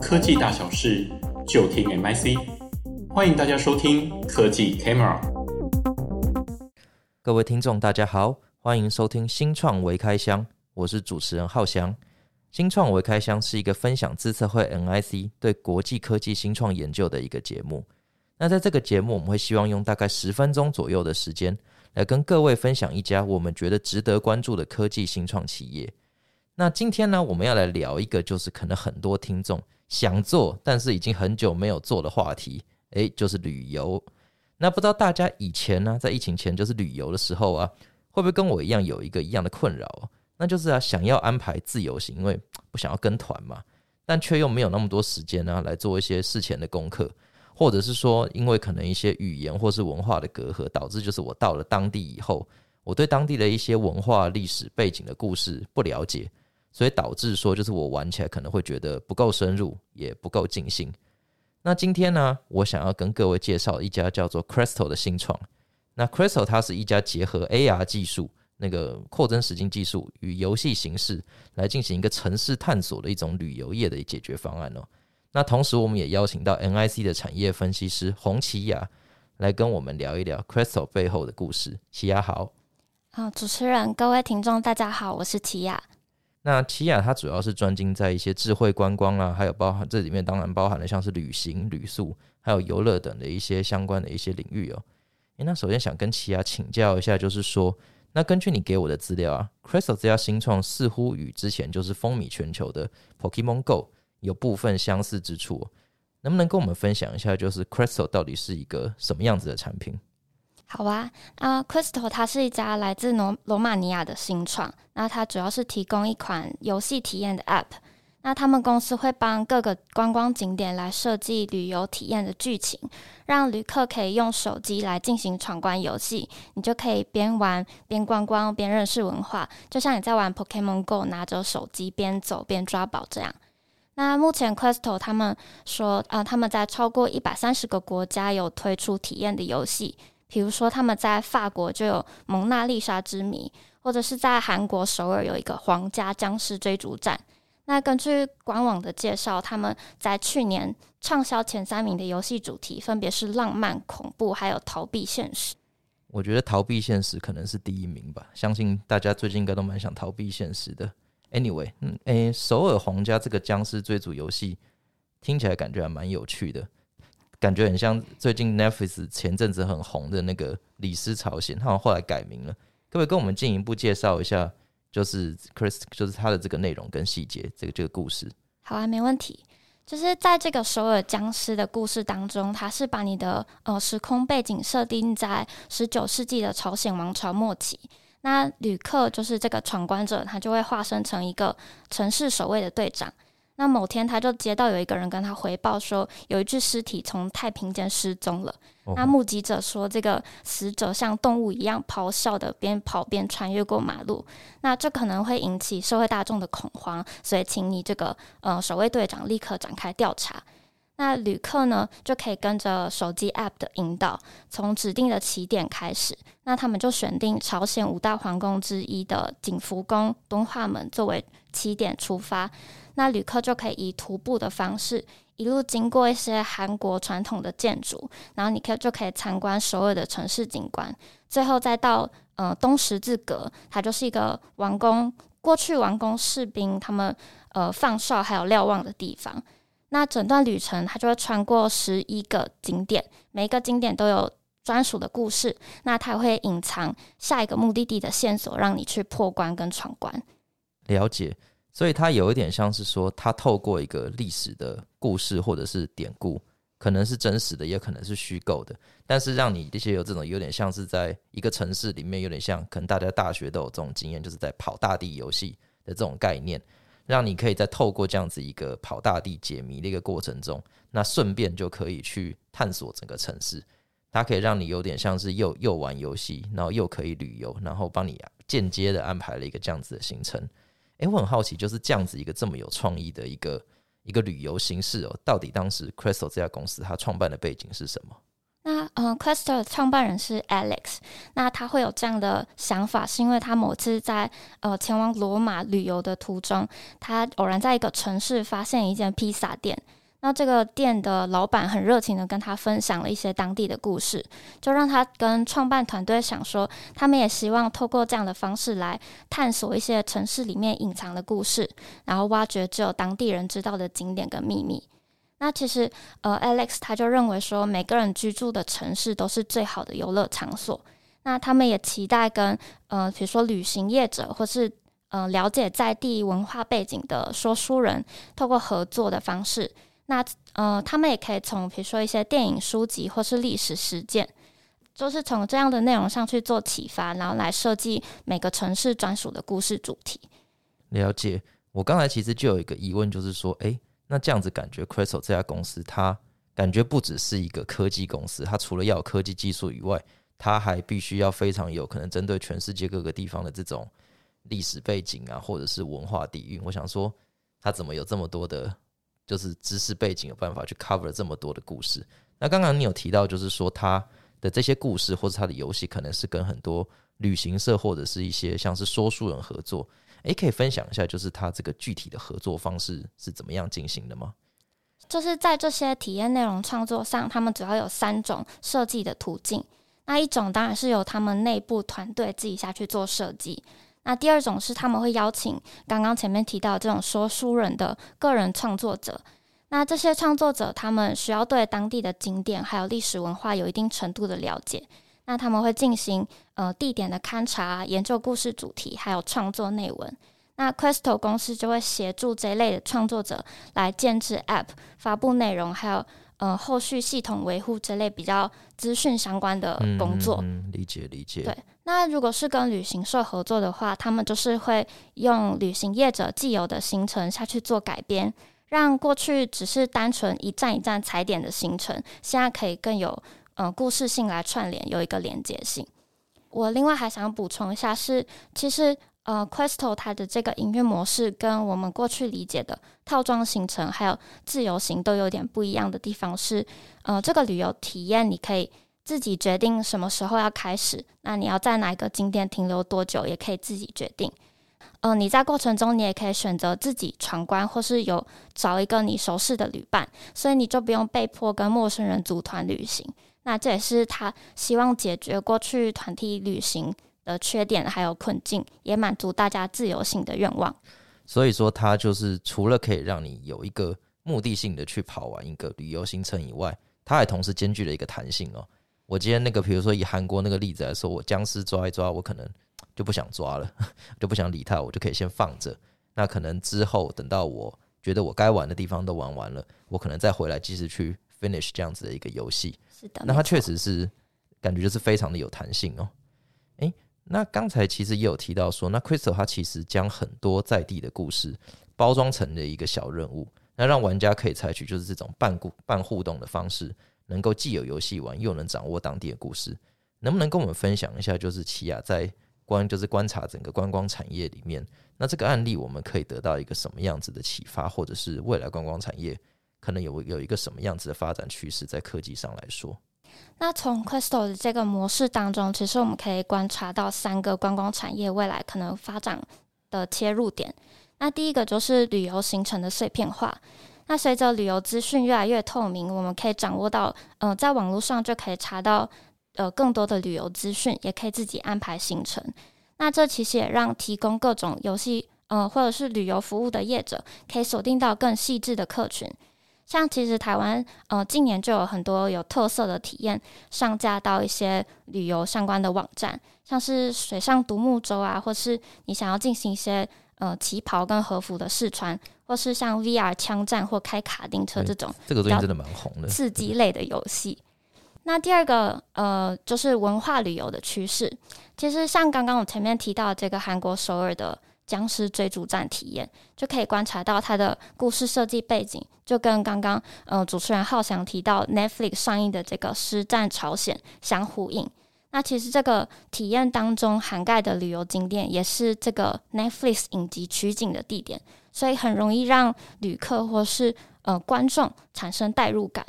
科技大小事就聽 MIC，歡迎大家收聽科技 Camera。各位聽眾大家好，歡迎收聽新創微開箱，我是主持人浩翔。新創微開箱是一個分享資策會 MIC 對國際科技新創研究的一個節目。那在這個節目，我們會希望用大概十分鐘左右的時間，來跟各位分享一家我們覺得值得關注的科技新創企業。那今天呢，我們要來聊一個，就是可能很多聽眾想做，但是已經很久沒有做的話題，誒，就是旅遊。那不知道大家以前呢啊，在疫情前就是旅遊的時候啊，會不會跟我一樣有一個一樣的困擾哦？那就是啊，想要安排自由行，因為不想要跟團嘛，但卻又沒有那麼多時間啊，來做一些事前的功課，或者是說，因為可能一些語言或是文化的隔閡，導致就是我到了當地以後，我對當地的一些文化、歷史背景的故事不了解。所以導致說，就是我玩起來可能會覺得不夠深入，也不夠盡興。那今天呢，我想要跟各位介紹一家叫做 Questo 的新創。那 Questo 它是一家結合 AR 技術、那個擴增實境技術與遊戲形式來進行一個城市探索的一種旅遊業的解決方案哦。那同時，我們也邀請到 NIC 的產業分析師洪齊亞來跟我們聊一聊 Questo 背後的故事。齊亞好。主持人、各位聽眾，大家好，我是齊亞。那齊亞它主要是專精在一些智慧觀光啊，還有包含這裡面當然包含了像是旅行、旅宿，還有遊樂等的一些相關的一些領域哦、喔欸。那首先想跟齊亞請教一下，就是說，那根據你給我的資料啊，Questo 這家新創似乎與之前就是風靡全球的 Pokemon Go 有部分相似之處，喔，能不能跟我們分享一下，就是 Questo 到底是一個什麼樣子的產品？好啊，啊，Questo 它是一家來自羅羅馬尼亞的新創，那它主要是提供一款遊戲體驗的 App，那他們公司會幫各個觀光景點來設計旅遊體驗的劇情，讓旅客可以用手機來進行闖關遊戲，你就可以邊玩邊觀光邊認識文化，就像你在玩 Pokemon Go 拿着手機邊走邊抓寶這樣。那目前 Questo 他們說啊，他們在超過一百三十個國家有推出體驗的遊戲。比如說，他們在法國就有《蒙娜麗莎之謎》，或者是在韓國首爾有一個《皇家殭屍追逐戰》。那根據官網的介紹，他們在去年暢銷前三名的遊戲主題分別是浪漫、恐怖，還有逃避現實。我覺得逃避現實可能是第一名吧，相信大家最近應該都蠻想逃避現實的。Anyway，嗯，誒、欸，首爾皇家這個殭屍追逐遊戲聽起來感覺還蠻有趣的。感覺很像最近 Netflix 前陣子很紅的那個《李屍朝鮮》，他們後來改名了。可不可以跟我們進一步介紹一下，就是 Chris，就是他的這個內容跟細節，這個這個故事。好啊，沒問題。就是在這個首爾殭屍的故事當中，他是把你的呃時空背景設定在十九世紀的朝鮮王朝末期。那旅客就是這個闖關者，他就會化身成一個城市守衛的隊長。那某天，他就接到有一個人跟他回報說，有一具屍體從太平間失蹤了。那目擊者說，這個死者像動物一樣咆哮，的邊跑邊穿越過馬路。那這可能會引起社會大眾的恐慌，所以請你這個呃守衛隊長立刻展開調查。那旅客呢，就可以跟着手機 app 的引導，從指定的起點開始。那他們就選定朝鮮五大皇宮之一的景福宮東化門作為起點出發。那旅客就可以以徒步的方式，一路經過一些韓國傳統的建築，然後你可以就可以參觀所有的城市景觀，最後再到呃東十字閣，它就是一個王宮，過去王宮士兵他們呃放哨還有瞭望的地方。那整段旅程它就會穿過十一個景點，每一個景點都有專屬的故事，那它會隱藏下一個目的地的線索，讓你去破關跟闖關。了解。所以它有一點像是說，它透過一個歷史的故事或者是典故，可能是真實的，也可能是虛構的。但是讓你這些有這種有點像是在一個城市裡面，有點像可能大家大學都有這種經驗，就是在跑大地遊戲的這種概念，讓你可以在透過這樣子一個跑大地解謎的一個過程中，那順便就可以去探索整個城市。它可以讓你有點像是又又玩遊戲，然後又可以旅遊，然後幫你間接的安排了一個這樣子的行程。誒、欸，我很好奇，就是這樣子一個這麼有創意的一個一個旅遊形式哦、喔，到底當時 Questo 這家公司它創辦的背景是什麼？那嗯 Questo 創辦人是 Alex，那他會有這樣的想法，是因為他某次在呃前往羅馬旅遊的途中，他偶然在一個城市發現一間披薩店。那這個店的老闆很熱情的跟他分享了一些當地的故事，就讓他跟創辦團隊想說，他們也希望透過這樣的方式來探索一些城市裡面隱藏的故事，然後挖掘，只有當地人知道的景點跟秘密。那其實，呃，Alex 他就認為說，每個人居住的城市都是最好的遊樂場所。那他們也期待跟，呃，比如說旅行業者或是，嗯、呃，了解在地文化背景的說書人，透過合作的方式。那呃，他們也可以從比如說一些電影、書籍或是歷史事件，就是從這樣的內容上去做啟發，然後來設計每個城市專屬的故事主題。了解，我剛才其實就有一個疑問，就是說，哎，那這樣子感覺，Questo 這家公司，它感覺不只是一個科技公司，它除了有要科技技術以外，它還必須要非常有可能針對全世界各個地方的這種歷史背景啊，或者是文化底蘊。我想說，它怎麼有這麼多的？就是知識背景有辦法去 cover 這麼多的故事。那剛剛你有提到，就是說他的這些故事或者他的遊戲，可能是跟很多旅行社或者是一些像是說書人合作。誒、欸，可以分享一下，就是他這個具體的合作方式是怎麼樣進行的嗎？就是在這些體驗內容創作上，他們主要有三種設計的途徑。那一種當然是由他們內部團隊自己下去做設計。那第二種是他們會邀請剛剛前面提到這種說書人的個人創作者，那這些創作者他們需要對當地的景點還有歷史文化有一定程度的了解，那他們會進行呃地點的勘察、研究故事主題，還有創作內文。那 Questo 公司就會協助這一類的創作者來建置 App、發布內容，還有。嗯、呃，後續系統維護之類比較資訊相關的工作，理解、嗯嗯、理解。理解，對，那如果是跟旅行社合作的話，他們就是會用旅行業者既有的行程下去做改編，讓過去只是單純一站一站踩點的行程，現在可以更有嗯、呃、故事性來串聯，有一個連接性。我另外還想補充一下是，其實。呃 Questo 它的這個營運模式跟我們過去理解的套裝行程還有自由行都有點不一樣的地方是，呃，這個旅遊體驗你可以自己決定什麼時候要開始，那你要在哪一個景點停留多久也可以自己決定。嗯、呃，你在過程中你也可以選擇自己闖關，或是有找一個你熟悉的旅伴，所以你就不用被迫跟陌生人組團旅行。那這也是他希望解決過去團體旅行的缺點還有困境，也滿足大家自由性的願望。所以說，它就是除了可以讓你有一個目的性的去跑完一個旅遊行程以外，它還同時兼具了一個彈性哦。我今天那個，比如說以韓國那個例子來說，我殭屍抓一抓，我可能就不想抓了，就不想理他，我就可以先放着。那可能之後等到我覺得我該玩的地方都玩完了，我可能再回來繼續去 finish 這樣子的一個遊戲。是的，那它確實是感覺就是非常的有彈性哦。欸那剛才其實也有提到說，那 Questo 它其實將很多在地的故事包裝成了一個小任務，那讓玩家可以採取就是這種半故半互動的方式，能夠既有遊戲玩，又能掌握當地的故事。能不能跟我們分享一下，就是齊亞在觀就是觀察整個觀光產業裡面，那這個案例我們可以得到一個什麼樣子的啟發，或者是未來觀光產業可能有有一個什麼樣子的發展趨勢，在科技上來說？那從 Questo 的這個模式當中，其實我們可以觀察到三個觀光產業未來可能發展的切入點。那第一個就是旅遊行程的碎片化。那隨着旅遊資訊越來越透明，我們可以掌握到，呃，在網絡上就可以查到呃更多的旅遊資訊，也可以自己安排行程。那這其實也讓提供各種遊戲呃或者是旅遊服務的業者，可以鎖定到更細緻的客群。像其實台灣呃近年就有很多有特色的體驗上架到一些旅遊相關的網站，像是水上獨木舟啊，或是你想要進行一些呃旗袍跟和服的試穿，或是像 VR 槍戰或開卡丁車這種，這個真的蠻紅的，刺激類的遊戲。那第二個呃就是文化旅遊的趨勢，其實像剛剛我前面提到這個韓國首爾的殭屍追逐戰體驗就可以觀察到它的故事設計背景，就跟剛剛呃主持人浩翔提到 Netflix 上映的這個《屍戰朝鮮》相呼應。那其實這個體驗當中涵蓋的旅遊景點，也是這個 Netflix 影集取景的地點，所以很容易讓旅客或是呃觀眾產生代入感。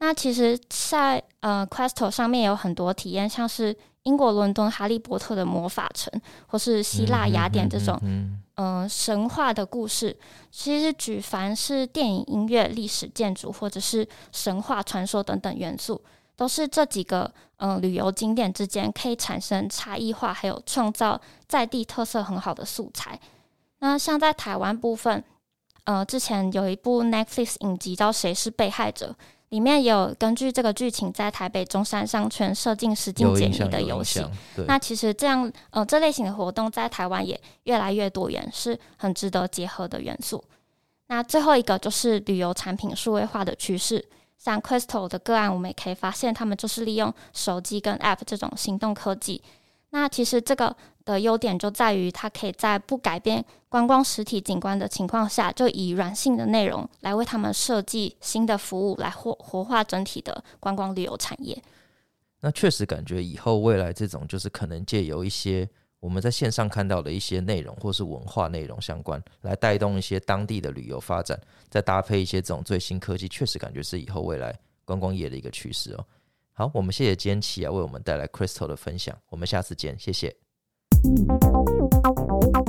那其實在，在呃 Questo 上面有很多體驗，像是英國倫敦哈利波特的魔法城，或是希臘雅典這種嗯、 呃、神話的故事。其實舉凡是電影音、音樂、歷史、建築，或者是神話傳說等等元素，都是這幾個嗯、呃、旅遊景點之間可以產生差異化，還有創造在地特色很好的素材。那像在台灣部分，呃，之前有一部 Netflix 影集叫《誰是被害者》。裡面也有根據這個劇情在台北中山商圈設計實景解謎的遊戲，那其實這樣，呃，這類型的活動在台灣也越來越多元，是很值得結合的元素。那最後一個就是旅遊產品數位化的趨勢，像 Crystal 的個案，我們也可以發現，他們就是利用手機跟 App 這種行動科技。那其實這個的優點就在於，它可以在不改變觀光實體景觀的情況下，就以軟性的內容來為他們設計新的服務，來活活化整體的觀光旅遊產業。那確實感覺以後未來這種就是可能借由一些我們在線上看到的一些內容，或是文化內容相關，來帶動一些當地的旅遊發展，再搭配一些這種最新科技，確實感覺是以後未來觀光業的一個趨勢哦。好，我們謝謝齊亞，為我們帶來 Questo 的分享。我們下次見，謝謝。